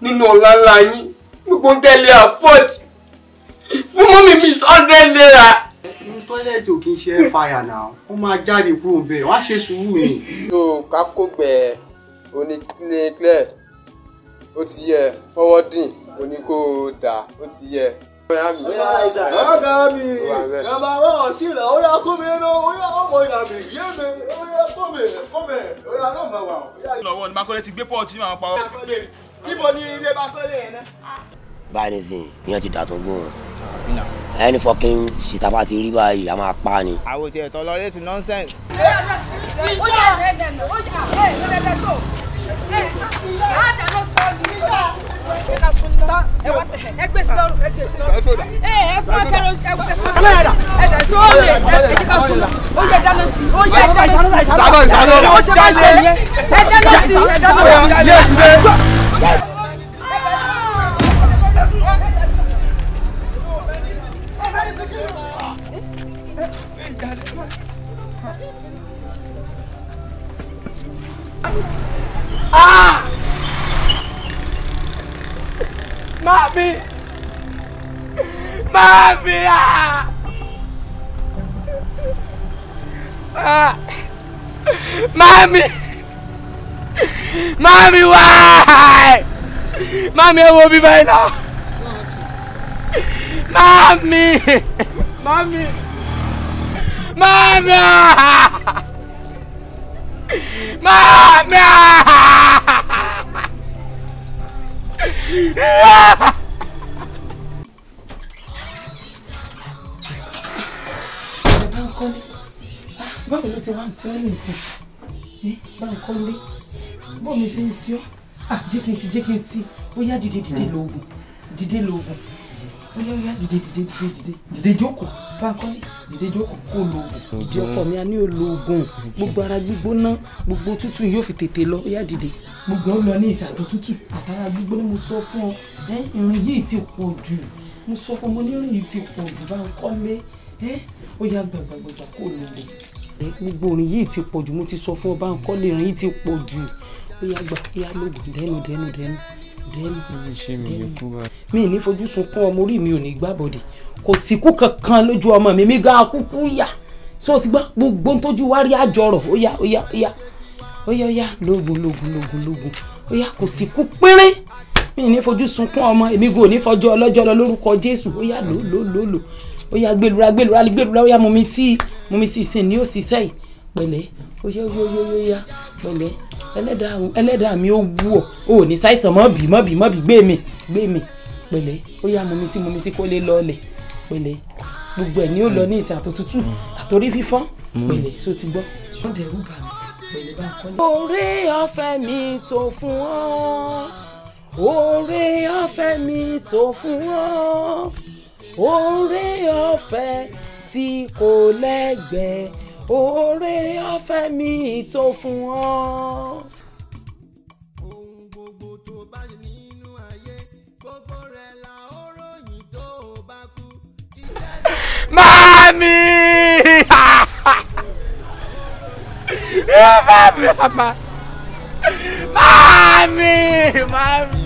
nínú ọ̀la ńlá yín gbogbo tẹ́lẹ̀ afford fún mọ́mí mi hundred naira. ní tọ́lẹ̀tì ò kí n ṣe fàyà náà ó máa jáde kúrò ń bẹ̀ wá ṣe sùúrù ni. yóò kákógbẹ onílé ó ti yẹ fọwọ́dìn oníkó dà ó ti yẹ ọ̀gá mi yàrá wa ọ̀sí ìlà ọ̀yà kọ́mi ẹ̀rọ ọ̀yà ọmọ ìlà mi yé mi ọ̀yà kọ́mi kọ́mi ọ̀yà náà mà wà. lọ́wọ́ ni makọ́lẹ́ ti gbé pọ́ọ̀tì máa pa ọ́ ibo ni ilé bá fẹ́ yẹn náà. báyìí nísìnyí ìyẹn ti dà tó gún ẹni fọkín síta bá ti rí báyìí a máa pa ni. àwọn ti ẹ̀tọ́ lọ rétí nọ́nsẹ̀nsì. Yes, man. Ah! Mami! Ah! Ah! Mami! Mami, why? Mami, ẹ wo bí báyìí náà. Mami! Mami! Mami! Mami! Báwo ló ṣe wá ń sọ ẹ́ nìsín? Báwo kọ́ lé? bó mi ṣe ń ṣe ọ́ ah, jẹ́ kí n sí jẹ́ kí n sí ó yá dìde dìde hmm. lóògùn dìde lóògùn ó yá ó yá dìde dìde dìde dìde dìde jókòó Bánkọ́lé dìde jókòó kó lóògùn. dìde ọkọ mi a ní olóògùn gbogbo ara gbígbóná gbogbo tútù yóò fi tètè lọ ó yá dìde. gbogbo ọ lọ ní ìsàtọ̀ tútù àtàrà gbígbóná mo sọ fún ọ ìrìn yìí ti pọ̀ jù mo sọ fún ọ mo ní ìrìn yìí ti pọ̀ jù Bánkọ́lé ó yá gbàgbàgbàgbà kó lóògùn gbogbo orin yìí ti pọ̀ jù mo ti sọ fún ọba nǹkan lè rìn yìí ti pọ̀ jù ó yá gbà ó yá lóògùn dẹ́nu dẹ́nu dẹ́nu dẹ́nu dẹ́nu mi ní fojú sunkún ọmọ orí mi ò ní gbàbọ̀dẹ̀ kò síkú kankan lójú ọmọ mi mi gan akúkú yà so ti gbọ́ gbogbo tójú wá rí àjọrọ̀ ó yá ó yá ó yá ó yá ó yá lóògùn lóògùn lóògùn lóògùn ó yá kò síkú pínrín mi ní fojú sunkún ọmọ èmi gò ní fọjọ́ ọlọ́jọ́ lọ lórúkọ Jésù ó yá lò lò lò lò ó yá gbèlúra gbèlúra gbèlúra ó yá mú mi sí i mú mi sí ìsìn ní ó ṣiṣẹ́ yìí pẹ̀lẹ́ oyá oyá oyá pẹ̀lẹ́ ẹlẹ́dàá mi ó wù ọ́ o ò ní ṣàìsàn mọ́bì mọ́bì mọ́bì gbé mi gbé mi pẹ̀lẹ́ oyá mú mi sí mú kó lè lọ́ọ̀lẹ̀ pẹ̀lẹ́ gbogbo ẹ̀ ni ó lọ ní ìsìn àtòtútù àtòrí fífọ́n pẹ̀lẹ́ so ti gbọ́. ṣọ́ọ̀dẹ̀ rú bàmí oore ọ̀fẹ́ mi tó fún ọ oore ọ̀fẹ́ mi tó fún ọ tí kò lẹ́gbẹ̀ẹ́ oore ọ̀fẹ́ mi tó fún ọ. Mami! Mami! Mami! Mami!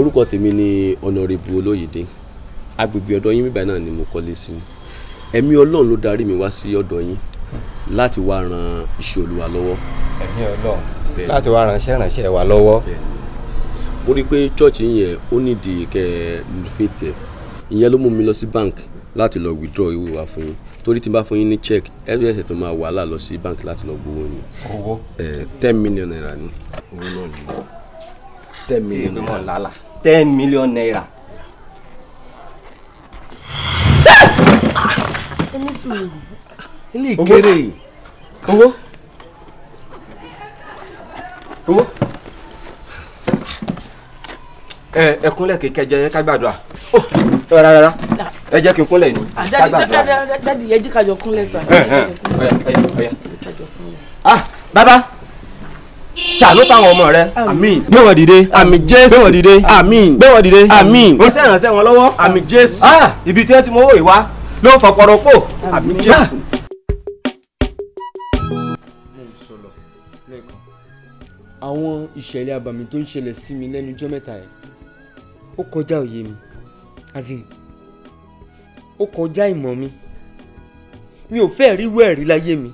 orúkọ tèmi ni ọ̀nàrẹ́bù olóyèdè agbègbè ọ̀dọ̀ yín bíbá náà ni mo kọ́lé sí ẹ̀mí ọlọ́run ló darí mi wá sí ọ̀dọ̀ yín láti wá ran iṣẹ́ olúwa lọ́wọ́. ẹ̀mí ọlọ́run láti wá ránṣẹ́ ránṣẹ́ wa lọ́wọ́. mo rí i pé chọ́ọ̀chì yẹn ó nídìí kẹ́ ẹ fètè ìyẹn ló mú mi lọ sí bank láti lọ withdraw owó wa fún yín torí tí n bá fún yín ní check ẹ̀rọ ẹ̀sẹ̀ tó máa wàhálà lọ sí bank láti lọ gbowó ni. owó ten million naira ni owó náà ni ten million naira. sí ìgbìmọ̀ lálàá ten million naira. ẹni sùúrù. ilé ìkéré owó owó ẹ ẹ kúnlẹ̀ kí kẹjẹ ká gbàdúrà ó rárá rárá ẹ jẹ́ kí n kúnlẹ̀ ní ká gbàdúrà. dádì ẹ jí ká jọ kúnlẹ̀ sà. ẹ ẹ ẹ ẹ bàbá ṣàánú fáwọn ọmọ rẹ. àmín. gbé wọn dìde. àmín jésù. gbé wọn dìde. àmín. gbé wọn dìde. àmín. ó sẹ́ ìrànṣẹ́ wọn lọ́wọ́. àmín jésù. Ah, ibi tí wọ́n ti mọ owó ìwá ló fọpọ̀rọ̀ pò. àmín ah. jésù. àwọn ìṣẹ̀lẹ̀ àbàmì tó ń ṣẹlẹ̀ sí mi lẹ́nu ọjọ́ mẹ́ta yìí ó kọjá òye mi àti ó kọjá ìmọ̀ mi mi ò fẹ́ ríru ẹ̀rí láyé mi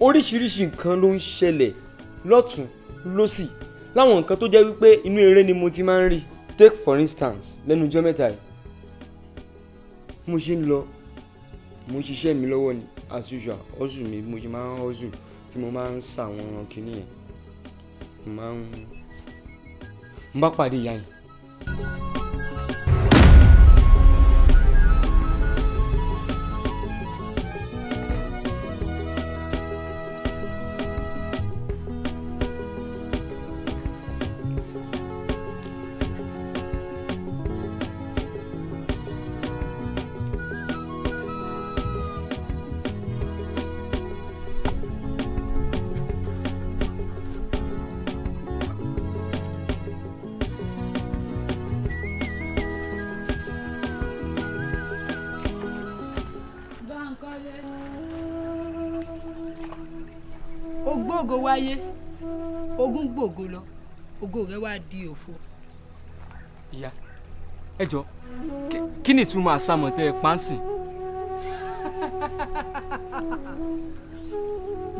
oríṣiríṣi nǹkan ló ń ṣẹlẹ̀ lọ́tún lọ́sì láwọn nǹkan tó jẹ́ wípé inú eré ni mo ti máa ń rí take for instance lẹ́nu ọjọ́ mẹ́ta yìí mo ṣe ń lọ mo ṣiṣẹ́ mi lọ́wọ́ ni as usual hustle mi mo ṣe máa ń hustle tí mo máa ń ṣàwọn kinní yẹn mo máa ń bá pàdé ìyá yẹn kógo wáyé ogún gbògo lọ ògo rẹ wá di òfo. ìyá ẹ jọ kí ni ìtumọ̀ àsàmọ̀tẹ́ pánsìn.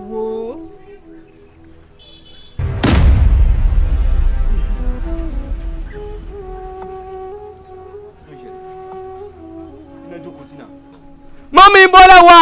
wò ó. mọ́mí bọ́lá wà.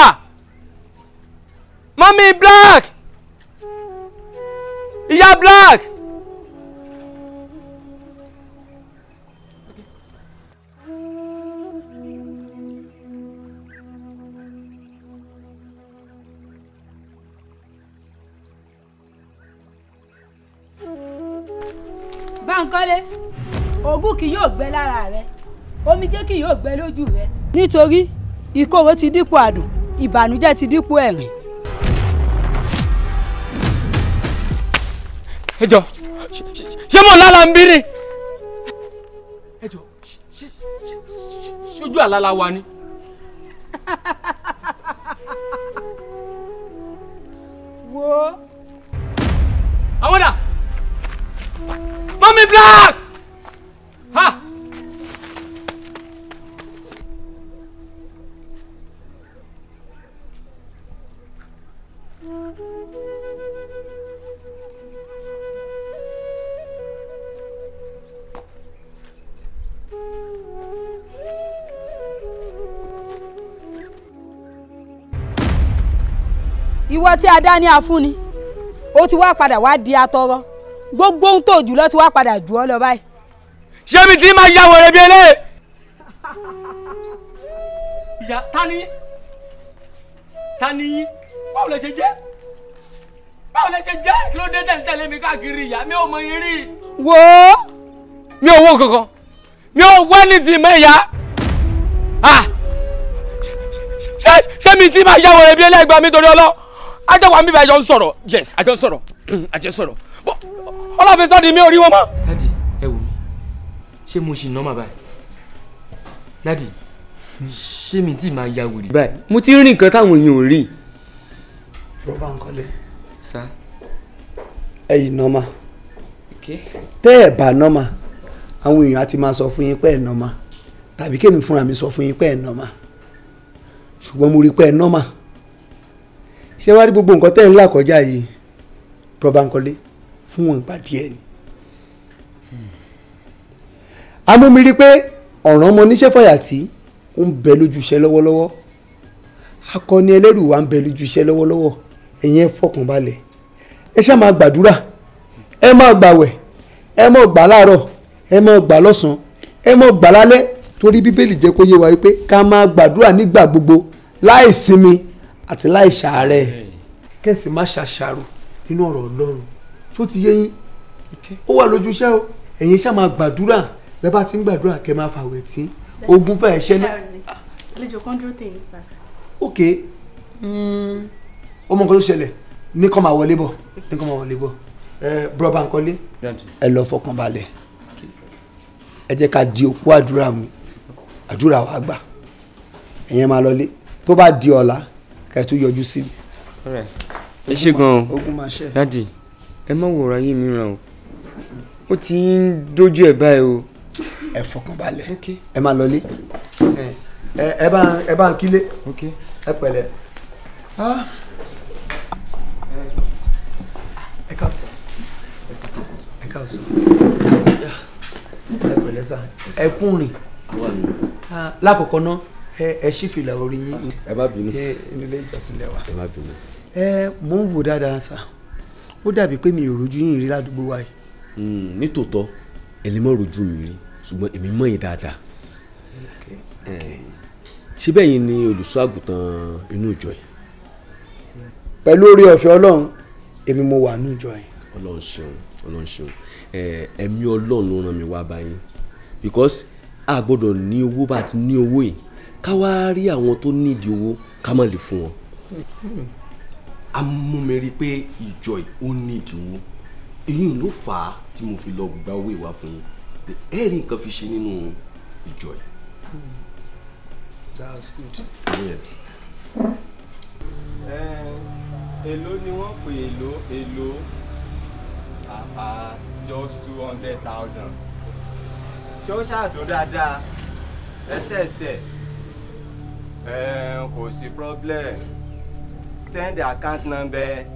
ogún kì yóò gbẹ lára rẹ omijé kì yóò gbẹ lójú rẹ. nítorí ìkorò ti dípò àdùn ìbànújẹ́ ti dípò ẹ̀rín. ẹ jọ ṣé mo lára ń bí ni. ẹ jọ ṣojú àlá la wa ni. wo. àwọn dà mami black. Ha! ìwọ tí a dá ní afúnni ó ti wá padà wá di atọrọ gbogbo ohun tó jù lọ ti wá padà jù ọ lọ báyìí ṣé mi ti máa ya wèrè bí eléyè. ìyá ta ni ta ni yín báwo lè ṣe jẹ́ báwo lè ṣe jẹ́ kí ló dé tẹ̀lé mi káàkiri ìyá mi ò mọ yín rí. wo mi ò wọ kankan mi ò wọ ní ti mọ ìyá ah! ṣé mi ti máa ya wèrè bí eléyè gba mi torí ọlọ́ ajọ wa mi bá ajọ ń sọ̀rọ̀ yes ajọ ń sọ̀rọ̀ mm, ajọ ń sọ̀rọ̀ ọlọ́fin sọ́ọ́ di mi ò rí wọn mọ́ ṣé mo ṣì nọ́mà báyìí dádì ṣé mi tí máa ya wèrè. báyìí mo ti rí nǹkan táwọn èèyàn ò rí. rọ́bà ń kọ́lé. sá. ẹ̀yin nọ́mà tẹ́ ẹ̀ bá nọ́mà àwọn èèyàn á ti máa sọ fún yín pé ẹ̀ nọ́mà tàbí kémi fúnra mi sọ fún yín pé ẹ̀ nọ́mà ṣùgbọ́n mo rí pé ẹ̀ nọ́mà ṣé wàá rí gbogbo nǹkan tẹ́ ẹ̀ ń là kọjá yìí rọ́bà ń fún wọn ìgbà díẹ̀ ni amúmiri pé ọ̀ràn ọmọ oníṣẹ́ fọ̀yàtì ń bẹ lójú iṣẹ́ lọ́wọ́lọ́wọ́ akọni ẹlẹ́rù wa ń bẹ lójú iṣẹ́ lọ́wọ́lọ́wọ́ ẹ̀yin ẹ fọkàn balẹ̀ ẹ ṣáà máa gbàdúrà ẹ máa gbàwẹ̀ ẹ máa gbà láàárọ̀ ẹ máa gbà lọ́sàn ẹ máa gbà lálẹ́ torí bíbélì jẹ́ kó yé wa wípé ká máa gbàdúrà nígbà gbogbo láì sinmi àti láì ṣàárẹ̀ kẹ́sì má ṣàṣàrò nínú ọ̀rọ̀ Ọlọ́run tó ti yé yín ó wà lójú o ẹ̀yin ṣáà máa gbàdúrà bẹ́ẹ̀ bá ti ń gbàdúrà kẹ́ máa fàwẹ̀ tí ogun fẹ́ ṣẹ́ ní. ok ọmọ hmm, nǹkan tó ṣẹlẹ̀ ní kọ́ máa wọlé bọ̀ ní kọ́ máa wọlé bọ̀ bùrọ̀bà nǹkan ẹ lọ fọkàn balẹ̀ ẹ jẹ́ ká di òkú àdúrà mu àdúrà wa gbà ẹ̀yẹn máa lọlé tó bá di ọ̀la ká ẹ tún yọjú sí mi. ẹ ṣe gan-an dádì ẹ má wòrán yìí mìíràn o ó ti ń dójú ẹ̀ báyìí o ẹ fọkànbalẹ̀ ẹ máa lọlé ẹ bá ẹ bá ń kílé ẹ pẹ̀lẹ́ ah. ẹ káàsán ẹ káàsán ẹ pẹ̀lẹ́ sà ẹ kún rìn ah, lákọ̀ọ́kọ́ náà ẹ ṣí fìlà orí yín ẹ má bínú ẹ nílé ìjọsìn lẹ́wà ẹ má bínú ẹ mò ń wò dáadáa sà ó dàbí pé mi ò rójú yín rí ládùúgbò wa yìí. Hmm, nítòótọ́ ẹni mọ̀ rojú mi rí ṣùgbọ́n èmi mọ̀ yín dáadáa ṣé bẹ́ẹ̀ yín ni olùṣọ́ àgùntàn inú ìjọ yìí. pẹ̀lú orí ọ̀fẹ́ ọlọ́run èmi mo wà ní ìjọ yìí. ọlọ́run ṣeun ọlọ́run ṣeun ẹ̀mí ọlọ́run ló ràn mí wá báyìí because a gbọ́dọ̀ ní owó bá ti ní owó yìí ká wá rí àwọn tó nídìí owó ká má lè fún wọn. Hmm. a mú mi rí i pé ìjọ yìí ó nídìí owó èyí ló fà á tí mo fi lọ gba owó ìwà fún yín ẹ rí nǹkan fi ṣe nínú ìjọ yìí. that's good. èló ni wọ́n pè èló èló just two hundred thousand ṣé ó ṣàdùn dáadáa ẹsẹ̀ẹsẹ̀ kò sí problem send account number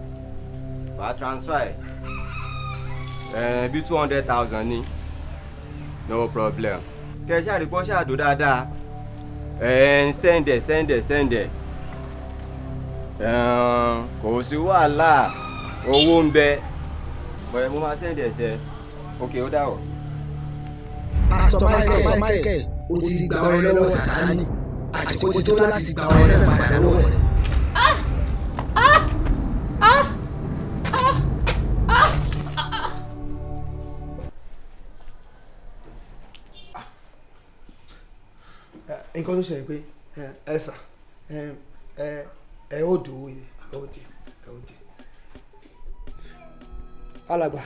wàá transfer Eh, bí two hundred thousand ni no problem kẹ ṣáàrí bọ́ ṣáàdó dáadáa eh, sẹ́ndẹ̀ sẹ́ndẹ̀ sẹ́ndẹ̀ eh, kò sí wàhálà owó ń bẹ bọ̀dẹ̀ mo máa sẹ́ndẹ̀ ẹ̀sẹ̀ ok ó dàwọ̀. pásítọ̀ Michael Michael o ti gba ọ̀rẹ́ lọ́wọ́ Sàtánì àsìkò ti tó láti gba ọ̀rẹ́ padà lọ́wọ́ rẹ̀. ló ṣe pé ẹ sà ẹ ó dùn òye ẹ ó dì ẹ ó dì. alàgbà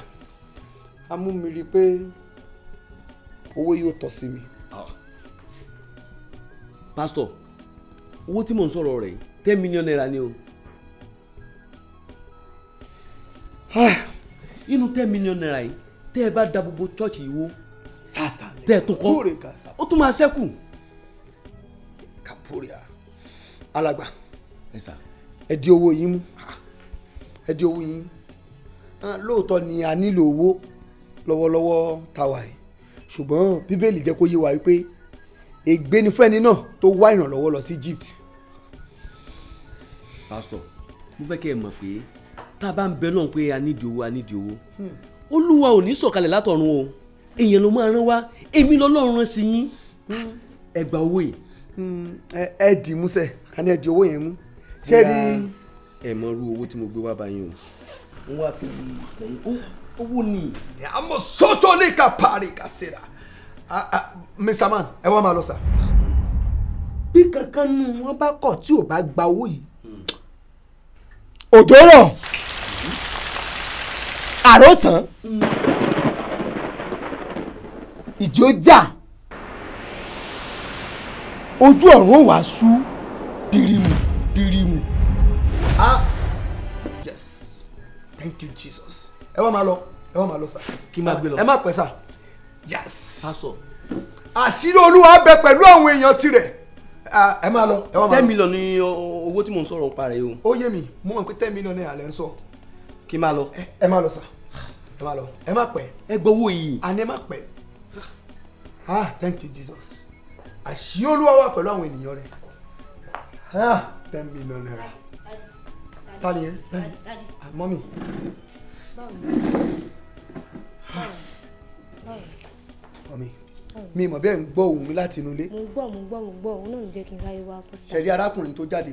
a mú mi rí i pé owó yóò tọ́ sí mi. pásítọ̀ owó tí mò ń sọ̀rọ̀ rẹ̀ ten million naira ni o. inú ten million naira yìí tẹ́ ẹ bá da gbogbo chọ́ọ̀chì yìí wó. sátani kúrè ká sátani. ó tún máa ṣẹ́kù alàgbà ẹ di owó yín mú ẹ di owó yín lóòótọ́ ni a nílò owó lọ́wọ́lọ́wọ́ tàwa yìí ṣùgbọ́n bíbélì jẹ́ kó yé wa wípé ègbé ni fún ẹni náà tó wá ìrànlọ́wọ́ lọ sí Egypt. pásítọ̀ mo fẹ́ kẹ́ ẹ mọ̀ pé tá a bá ń bẹ náà pé a nídìí owó a nídìí owó hmm. olúwa ò ní sọ̀kalẹ̀ látọ̀run o èèyàn ló máa rán wa èmi lọ́lọ́run sí yín hmm. ẹ gba owó yìí. Hmm. ẹ ẹ dì í músẹ̀ a ní ẹ di owó yẹn mú ṣé rí. ẹ mọ irú owó tí mo gbé wá báyìí o. wọn wá fi owó ni. àmọ́ sọ́tọ̀ ní ká parí ká síra Mr. Man ẹ wá máa lọ sà. bí kankan nu wọn bá kọ̀ tí ò bá gba owó yìí òjò rọ̀ àròsàn ìjì ó jà ojú ọ̀run ò wá sú dirimu dirimu ah yes thank you jesus ẹ wá máa lọ ẹ wá máa lọ sà kí n máa gbé lọ ẹ má pẹ́ sà yes pásọ àṣírí olúwa bẹ pẹ̀lú àwọn èèyàn tirẹ̀ ah, ẹ máa lọ ẹ wá máa lọ. ten million ni owó tí mò ń sọ̀rọ̀ ń parẹ́ o. ó yé mi mo mọ̀ pé ten million naira lẹ́ ń sọ. kí n máa lọ. ẹ máa lọ sà ẹ máa lọ ẹ má pẹ́. ẹ gbowó yìí. àní ẹ má pẹ́ ah thank you jesus àṣírí olúwa wà pẹ̀lú àwọn ènìyàn rẹ̀. Ah, ten million naira ta ni yẹn mommy. mọ́mì mi mọ̀ bẹ́ẹ̀ ń gbọ́ ohùn mi láti inú ilé. mo ń gbọ́ mo ń gbọ́ mo ń gbọ́ òun náà ń jẹ́ kí n ráyè wá kó sí. ṣẹ̀rí arákùnrin tó jáde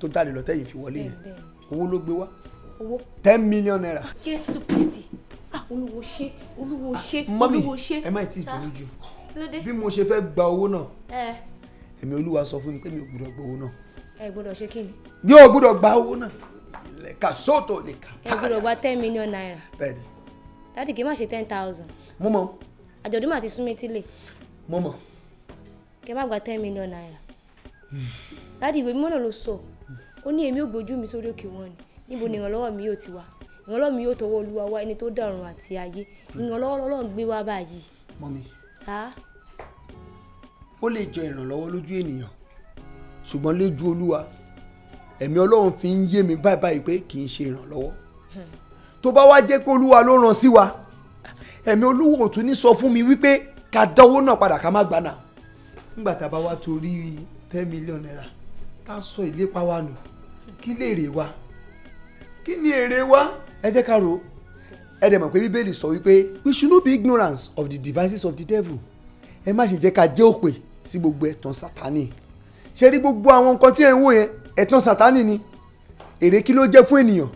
tó jáde lọ́tẹ̀ yìí fi wọlé yẹn owó ló gbé wá ten million naira. jésù kristi ah, olúwo ṣe olúwo ah, ṣe olúwo ṣe. mọ́mì ẹ má ì tí ì tó lójú bí mo ṣe fẹ́ gba owó náà eh èmi olúwa sọ fún mi pé mi ò gbọ́dọ̀ gbowó náà. ẹ gbọ́dọ̀ ṣe kí ni. mi ò gbọ́dọ̀ gba owó náà lẹ́ka sóòtò lẹ́ka. ẹ gbọ́dọ̀ gba ten million naira. bẹ́ẹ̀ni. dáàdì kì í má ṣe ten thousand. mo mọ. àjọ̀dún mà ti sún mi tílé. mo mọ. kẹ má gba ten million naira. dáàdì ìwé mímọ́ náà ló sọ ó ní èmi ò gbójú mi sórí òkè wọn ni níbo ni ìrànlọ́wọ́ mi yóò ti wá ìrànlọ́wọ́ mi yóò tọwọ́ olúwa wá ẹni tó dá ọ̀run àti ayé ìrànlọ́wọ́ lọ́lọ́run gbé wá báyìí. mọ́mi. sáà ó lè jọ ìrànlọ́wọ́ lójú ènìyàn ṣùgbọ́n lójú olúwa ẹ̀mí ọlọ́run fi ń yé mi báyìí báyìí pé kì í ṣe ìrànlọ́wọ́ tó bá wá jẹ́ pé olúwa ló ràn sí wa ẹ̀mí olúwa ò tún ní sọ fún mi wípé ká dánwó náà padà ká má gbà náà nígbà tá a bá wá torí ten million naira tá a sọ ìlépa wa nù kí lè rè wa kí ni èrè wa ẹ jẹ́ ká rò ẹ dẹ̀ mọ̀ pé bíbélì sọ wípé we should not be ignorant of the devices of the devil ẹ má ṣe jẹ́ ká jẹ́ òpè sí gbogbo ẹ̀tàn sátánì ṣe rí gbogbo àwọn nǹkan tí ẹ̀ ń wò yẹn ẹ̀tàn sátánì ni èrè kí ló jẹ́ fún ènìyàn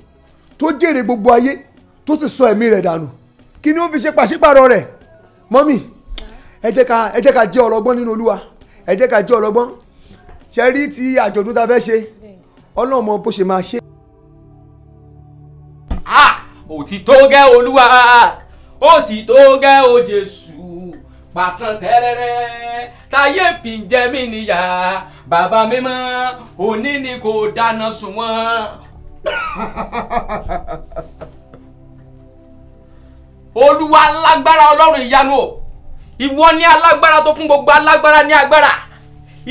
tó jèrè gbogbo ayé tó sì sọ ẹ̀mí rẹ̀ dànù kí ni ó fi ṣe pàṣípàrọ̀ rẹ̀ mọ́mì ẹ jẹ́ ká ẹ jẹ́ ká jẹ́ ọlọ́gbọ́n nínú olúwa ẹ jẹ́ ká jẹ́ ọlọ́gbọ́n ṣe rí ti àjọ̀dún ta fẹ́ ṣe ọlọ́run mọ bó ṣe máa ṣe. òtítọ́ gẹ́ olúwa òtítọ́ gẹ́ o jésù pàṣán tẹ́rẹ́rẹ́ táyé fi ń jẹ mí níyà bàbá mi mọ́ òní ni kò dáná sun wọ́n. olúwa alágbára ọlọ́run ìyanu o ìwọ ni alágbára tó fún gbogbo alágbára ní agbára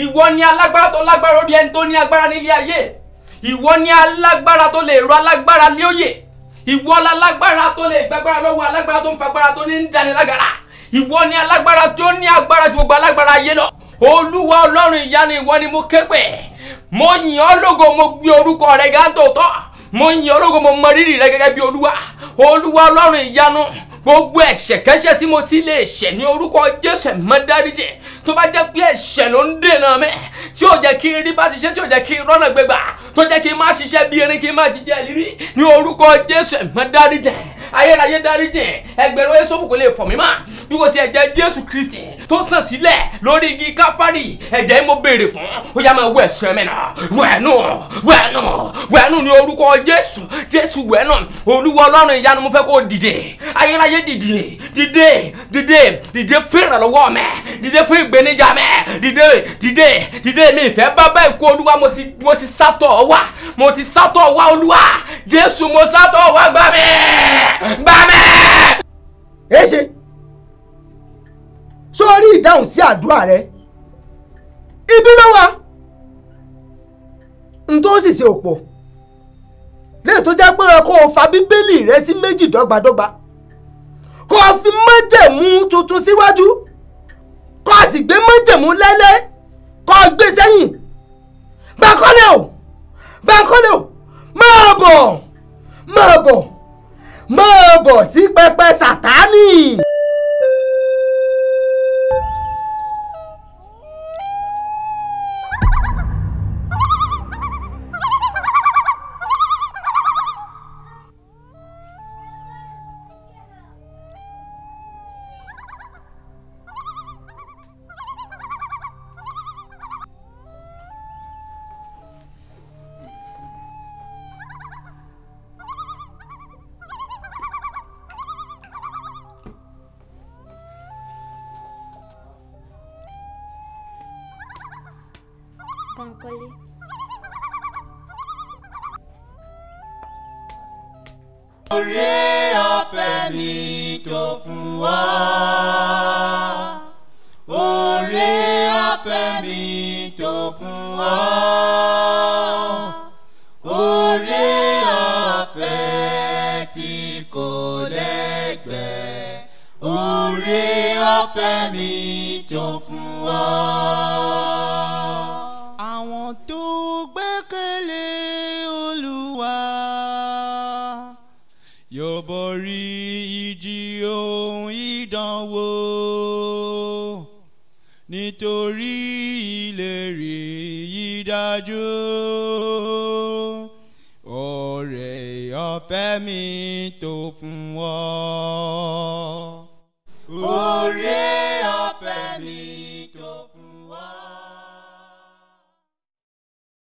ìwọ ni alágbára tó lágbára orí ẹni tó ní agbára nílé ayé ìwọ ni alágbára tó lè rọ alágbára lóyè ìwọ lálágbára tó lè gbàgbára lọ́wọ́ alágbára tó ń fagbára tó ní ń danilágara ìwọ ni alágbára tó ní agbára ju gbogbo alágbára ayé lọ olúwa ọlọ́run ìyanu ìwọ ni mo ké pè mo yìn ọ́ lógo mo gbé orúkọ rẹ gáàtò tọ́ mo yìn ọ́ lógo mo mọ rírì rẹ gẹ́gẹ́ bí olúwa olúwa ọlọ́run ìyanu gbogbo ẹ̀ṣẹ̀kẹ́ṣẹ̀ tí mo ti lè ṣẹ̀ ní orúkọ jésù mọ́ dáríjì tó bá jẹ́ pé ẹ̀ṣẹ̀ ló ń dènà mi tí ò jẹ́ kí n rí bá ṣiṣẹ́ tí ò jẹ́ kí n rọ́nà gbégbà tó jẹ́ kí n má ṣiṣẹ́ bí erin kí n má jíjẹ́ lírí ní orúkọ jésù mọ́ ayérayé dáríjì ẹgbẹ̀rún ẹ̀sọ́kù kò lè fọ̀ mí mà bí kò sí ẹ̀jẹ̀ jésù kristi tó sàn sílẹ̀ lórí igi káfárì ẹ̀jẹ̀ mo béèrè fún ó yá máa wẹ̀ sẹ́mẹ̀ náà wẹ̀ nù wẹ̀ nù ní orúkọ jésù jésù wẹ́nà olúwa ọlọ́run ìyanu mo fẹ́ kó dìde ayérayé dìde dìde dìde dìde fún ìrànlọ́wọ́ mi dìde fún ìgbéníjà mi dìde dìde dìde mi ìfẹ́ bàbá ìkó olúwa mo ti mo ti sátọ̀ wá mo ti sátọ̀ wá olúwa jésù mo sátọ̀ wá gbà mí gbà mí. ẹ ṣe sórí ìdáhùn sí àdúrà rẹ ibi ló wà ntòsí ṣe òpó léè tó jẹ́ pé kó o fa bíbélì rẹ sí méjì dọ́gbadọ́gba kó o fi májẹ̀mú tuntun síwájú kó o sì gbé májẹ̀mú lẹ́lẹ́ kó o gbé sẹ́yìn Bánkọ́lé o Bánkọ́lé o máa bọ̀ máa bọ̀ máa bọ̀ sí pẹpẹ Sátánì. Pankoli. Oore ọ̀fẹ́ mi tó fún wa. Oore ọ̀fẹ́ mi tó fún wa. Oore ọ̀fẹ́ tí kò lẹ́gbẹ̀ẹ́. Oore ọ̀fẹ́ mi tó fún wa. wò nítorí ìlérí yìí dájú ọ̀rẹ́ ọ̀fẹ́ mi tó fún ọ. ọ̀rẹ́.